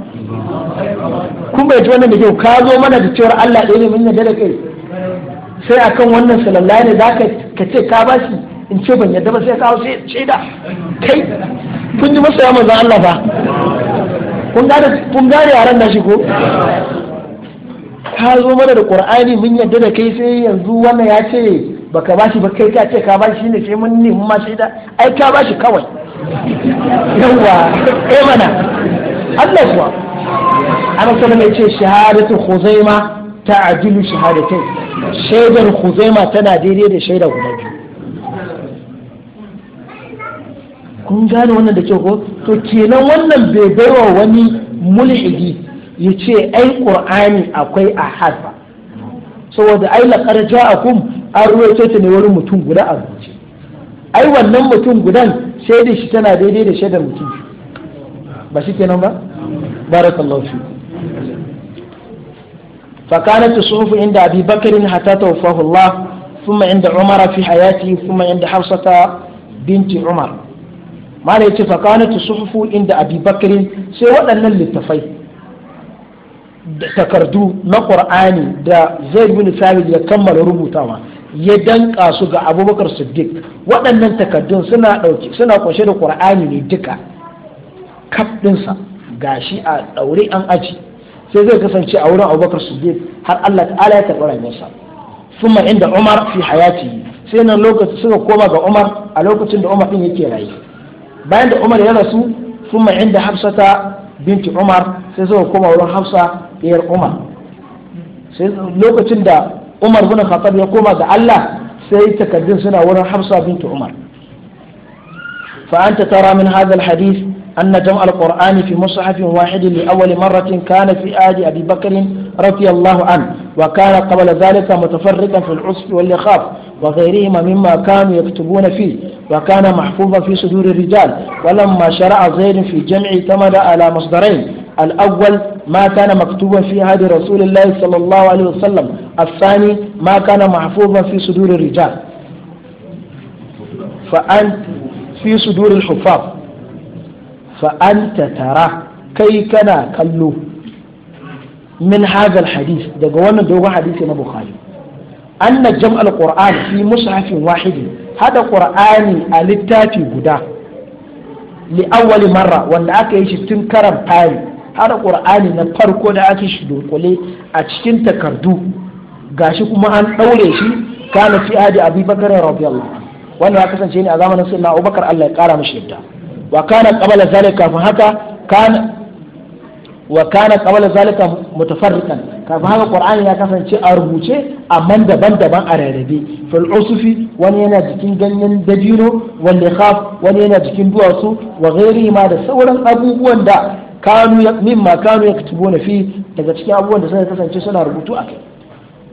kun bai ji wannan da kyau ka zo mana da cewar Allah ɗaya ne mun yadda da kai sai akan wannan sallallahu alaihi za ka ce ka shi in ce ban yadda ba sai ka sai da kai kun ji masa ya za Allah ba kun gane kun da yaran ko ka zo mana da qur'ani mun yadda da kai sai yanzu wannan ya ce baka bashi ba kai ka ce ka bashi ne sai mun nemi ma shaida ai ka bashi kawai yawa eh mana Allah kuwa ana so mai ce shahadatu khuzaima ta'dilu shahadatain shaidar khuzaima tana daidai da shaida guda biyu kun gane wannan da kyau ko to kenan wannan bai baiwa wani mulhidi ya ce ai ƙur'ani akwai a haifa saboda ai laƙar ja a kum an ruwaito ta ne wani mutum guda a zuci ai wannan mutum gudan sai shaidin shi tana daidai da shaidar mutum ba shi kenan ba barakallahu fi fa kanat suhuf inda abi Hatata hatta tawfahu allah inda umara fi hayati thumma inda hafsata binti umar ma ne ce fa kanat suhuf inda abi sai waɗannan littafai da takardu na qur'ani da zai bin sabit ya kammala rubutawa ya danka su ga abubakar siddiq waɗannan takardun suna ɗauke suna kunshe da qur'ani ne duka kaf ɗinsa gashi a ɗaure an aji sai zai kasance a wurin abubakar siddiq har allah ta'ala ya karɓi rayuwarsa summa inda umar fi hayati sai nan lokaci suka koma ga umar a lokacin da umar ɗin yake rayu bayan da umar ya rasu suma inda hafsata binti umar sai suka koma wurin hafsa ƙiyar umar sai lokacin da umar bin khattab ya koma ga Allah sai takaddun suna wurin hafsa binta umar fa anta tara min hadha alhadith أن جمع القرآن في مصحف واحد لأول مرة كان في آل أبي بكر رضي الله عنه وكان قبل ذلك متفرقا في العصف واللخاف وغيرهما مما كانوا يكتبون فيه وكان محفوظا في صدور الرجال ولما شرع زيد في جمع اعتمد على مصدرين الأول ما كان مكتوبا في عهد رسول الله صلى الله عليه وسلم الثاني ما كان محفوظا في صدور الرجال فأنت في صدور الحفاظ فأنت ترى كي كان كلو من هذا الحديث دقوانا دوغا حديث ما بخاري أن جمع القرآن في مصحف واحد هذا قرآن التاتي قدا لأول مرة وأن أكيش تنكرم فاري har qur'ani na farko da ake shi dunkule a cikin takardu gashi kuma an ɗaure shi kana fi hadi abubakar radiyallahu wannan ya kasance ne a zamanin sayyidina abubakar Allah ya kara mishi yadda wa kana qabala zalika kafin haka kana wa kana qabala zalika mutafarriqan kafin haka qur'ani ya kasance a rubuce amma daban-daban a rarrabe fil usufi wani yana jikin ganyen dabino wal khaf wani yana jikin duwatsu wa ghairi ma da sauran abubuwan da kanu mimma kanu yaktubuna fi daga cikin abubuwan da suka kasance suna rubutu a kai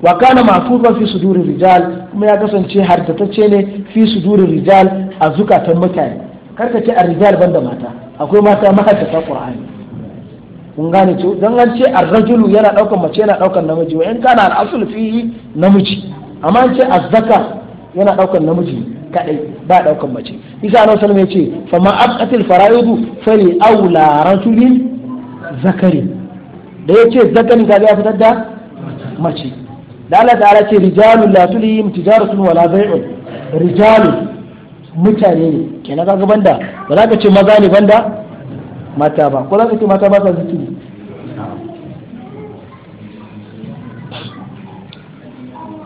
wa kana mahfuzan fi sudurin rijal kuma ya kasance hartatacce ne fi suduri rijal a zukatan mutane karka ce a rijal banda mata akwai mata mahaddata qur'ani kun gane ce dan an ce ar-rajulu yana daukan mace yana daukan namiji wa in kana al-asl fihi namiji amma an ce az-zakar yana ɗaukar namiji kadai ba ɗaukar mace isa annabi sallallahu ce wasallam yace fa ma abqatil fara'idu fali aula rajulin zakari da yace zakari kaga ya fitar da mace da Allah ta'ala ce rijalun la tulihim tijaratun wala bai'un rijalun mutane ne kenan kaga banda ba za ka ce maza ne banda mata ba ko za ka ce mata ba sa zikiri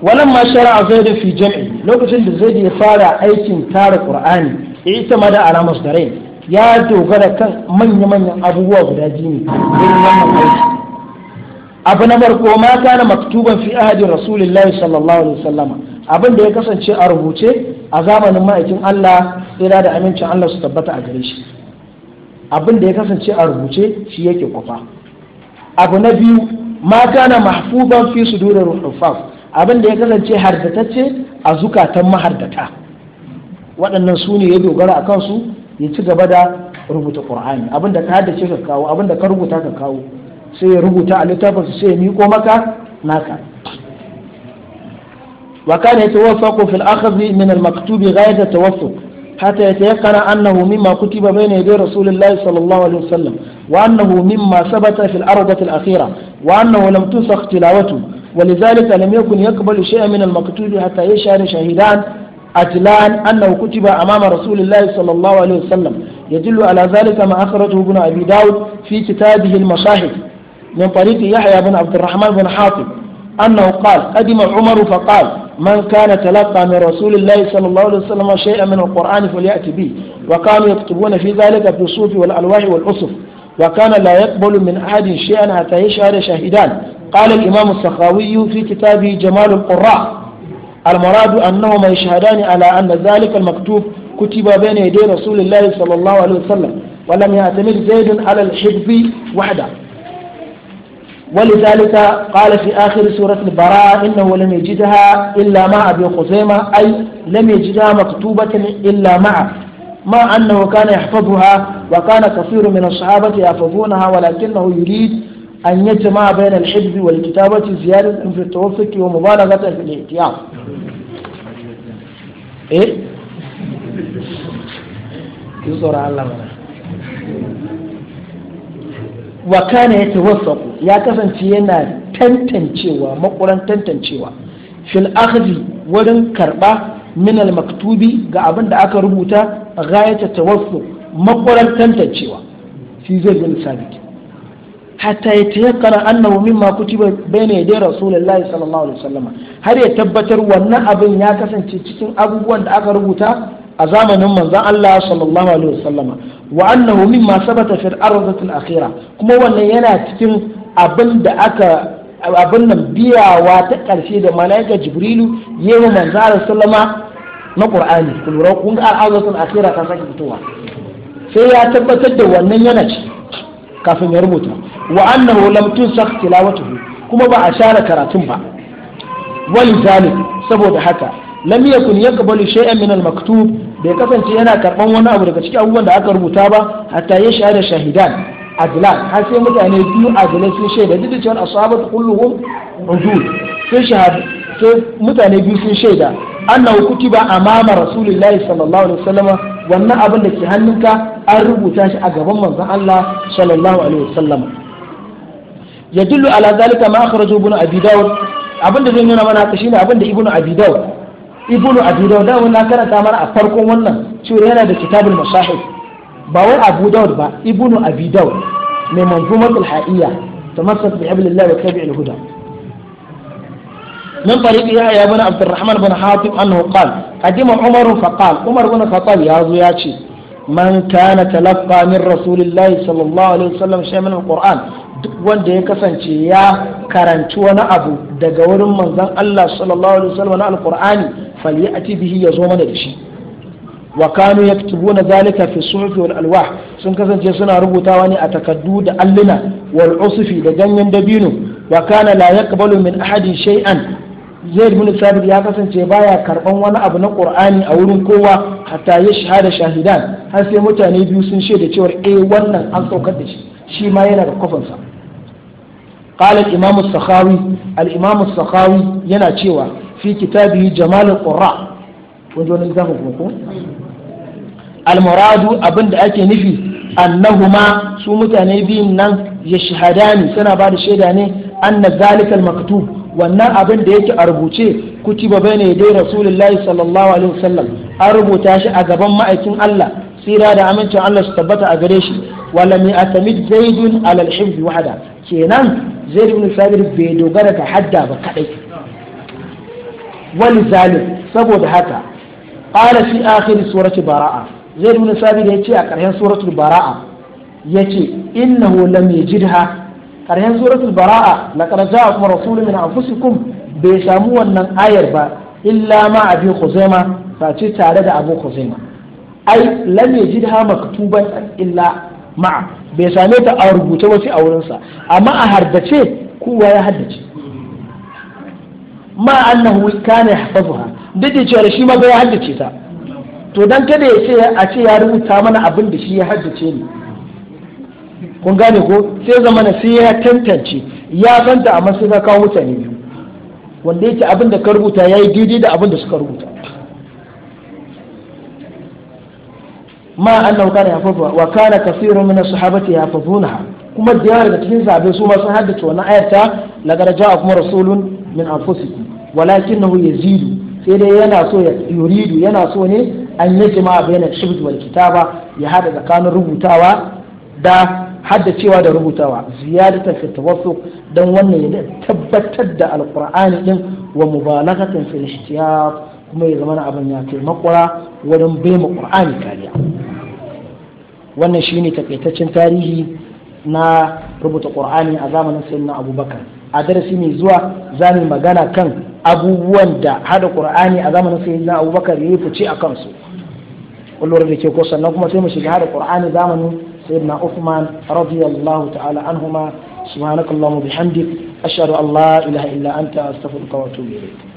ولما شرع زيد في جمعه لو كنت زيد يفارع أيتم تار قرآني اعتمد da rai, ya dogara kan manya-manyan abubuwa guda biyu ne irin abu na farko ma kana maktuban fi ahadi rasulullahi sallallahu alaihi wasallama abin ya kasance a rubuce a zamanin ma'aikin Allah tsira da amincin Allah su tabbata a gare ya kasance a rubuce shi yake kwafa abu na biyu ma kana mahfuban fi sudurir ruhufaf abin da ya kasance hardatacce a zukatan mahardata waɗannan su ne ya dogara a kansu ya ci gaba da rubuta ƙur'ani abin da ka haddace ka kawo abin da ka rubuta ka kawo sai ya rubuta a littafin sai ya miko maka naka wa kana yatawaffaqu fil akhdhi min al maktubi ghayata tawaffuq hatta yatayaqqana annahu mimma kutiba bayna yaday rasulillahi sallallahu alaihi wasallam wa annahu mimma sabata fil ardati al akhirah wa annahu lam tusakh tilawatuhu ولذلك لم يكن يقبل شيئا من المكتوب حتى يشهد شهيدان أتلان أنه كتب أمام رسول الله صلى الله عليه وسلم يدل على ذلك ما أخرجه ابن أبي داود في كتابه المصاحف من طريق يحيى بن عبد الرحمن بن حاطب أنه قال قدم عمر فقال من كان تلقى من رسول الله صلى الله عليه وسلم شيئا من القرآن فليأتي به وكانوا يكتبون في ذلك بالصوف والألواح والأصف وكان لا يقبل من أحد شيئا حتى يشهد شاهدان قال الإمام السخاوي في كتابه جمال القراء المراد أنهما يشهدان على أن ذلك المكتوب كتب بين يدي رسول الله صلى الله عليه وسلم ولم يعتمد زيد على الحفظ وحده ولذلك قال في آخر سورة البراء إنه لم يجدها إلا مع أبي خزيمة أي لم يجدها مكتوبة إلا معه ما أنه كان يحفظها وكان كثير من الصحابة يحفظونها ولكنه يريد أن يجمع بين الحفظ والكتابة زيادة في التوفيق ومبالغة في الاحتياط إيه؟ يزور علمنا وكان يتوثق يا كفن تينا تنتنشيوا مقرن تنتنشيوا في الأخذ ولن كربا من المكتوب ga abin da aka rubuta gayata tawassul makwarantanta cewa, shi zai zai sabit hatta ya tayakkara annahu mimma kutiba bayna yaday rasulullahi sallallahu alaihi wasallam har ya tabbatar wannan abin ya kasance cikin abubuwan da aka rubuta a zamanin manzon Allah sallallahu alaihi wasallama wa annahu mimma sabata fil arzati al kuma wannan yana cikin abin da aka abin nan biyawa ta ƙarshe da malaika jibrilu yayin manzon Allah sallama na qur'ani kun ga al akhirah ta sake fitowa sai ya tabbatar da wannan yana ci kafin ya rubuta wa annahu lam tunsakh tilawatuhu kuma ba a share karatun ba Wani zalik saboda haka lam yakun yaqbalu shay'an min al-maktub bai kasance yana karban wani abu daga cikin abubuwan da aka rubuta ba hatta ya shahada shahidan adlan har sai mutane biyu adalai sun shaida duk da cewa ashabatu kulluhum sai shahada sai mutane biyu sun shaida annahu kutiba amama rasulillahi sallallahu alaihi wasallam wannan abin da ke hannunka an rubuta shi a gaban manzon Allah sallallahu alaihi wasallam yadullu ala zalika ma akhraju ibn abi daud abin da zai nuna mana haka shine abin da ibn abi daud ibn abi daud da wannan karanta mana a farkon wannan cewa yana da kitabul masahif ba wai abu daud ba ibn abi daud mai manzumatul ha'iyya tamassak bi hablillahi wa tabi'il huda من طريق يحيى بن عبد الرحمن بن حاتم أنه قال قدم عمر فقال عمر بن الخطاب يا زياتي من كان تلقى من رسول الله صلى الله عليه وسلم شيئا من القرآن duk wanda ya kasance ya karanci wani abu daga wurin manzon Allah sallallahu alaihi wasallam na alqur'ani falyati bihi ya zoma da shi wa kanu yaktubuna zalika fi wal alwah sun kasance suna rubutawa ne a takaddu da alluna wal usfi da ganyen dabino wa kana la yaqbalu min ahadin shay'an zaid bin sabit ya kasance baya karban wani abu na qur'ani a wurin kowa hatta ya shahada shahidan har sai mutane biyu sun shaida cewa eh wannan an saukar da shi shi ma yana da kofansa قال الإمام السخاوي الإمام السخاوي ينا تشيوا في كتابه جمال القراء ونجون لكم المراد أبن أكي نفي أنهما سو متاني suna ba سنة بعد ne أن ذلك المكتوب wannan abin da yake a rubuce kutiba bai ne dai rasulullahi sallallahu alaihi wasallam an rubuta shi a gaban ma'aikin Allah tsira da amincin Allah su tabbata a gare shi wala mi atamid zaidun alal hifzi wahada kenan zaid ibn sabir bai dogara ga hadda ba kadai wani zalim saboda haka qala fi akhir surati baraa zaid ibn sabir yace a karshen suratul baraa yace innahu lam yajidha karshen suratul bara'a a kuma rasulun min anfusikum bai samu wannan ayar ba illa ma abi khuzaima face tare da abu khuzaima ai lam yajidha maktuban illa ma bai same ta a rubuce wasu a wurinsa amma a hardace kowa ya haddace ma annahu kana yahfazuha duk da cewa shi ma bai haddace ta to dan kada ya ce a ce ya rubuta mana abin da shi ya haddace ne kun gane ko sai zama na sai ya tantance ya santa amma sai ka kawo mutane biyu wanda yake abin da ka rubuta ya yi daidai da abin da suka rubuta ma annahu kana yafazu wa kana kasirun ya as-sahabati ha kuma da yawa daga cikin zaɓe su ma sun haddace wannan ayar ta a kuma rasulun min anfusikum walakinahu yazidu sai dai yana so ya yuridu yana so ne an yajma bayna shibti wal kitaba ya hada tsakanin rubutawa da haddacewa da rubutawa ziyadatan fi tawassuq dan wannan ya tabbatar da alqur'ani din wa mubalaghatan fil ishtiyaq kuma ya zama abin ya kai makura wurin bai mu qur'ani kariya wannan shine takaitaccen tarihi na rubuta qur'ani a zamanin sayyidina abubakar a darasi mai zuwa za magana kan abubuwan da hada qur'ani a zamanin sayyidina abubakar ya yi fice a kansu kullum da ke ko sannan kuma sai mu shiga hada qur'ani zamanin سيدنا عثمان رضي الله تعالى عنهما سبحانك اللهم وبحمدك أشهد أن لا إله إلا أنت أستغفرك وأتوب إليك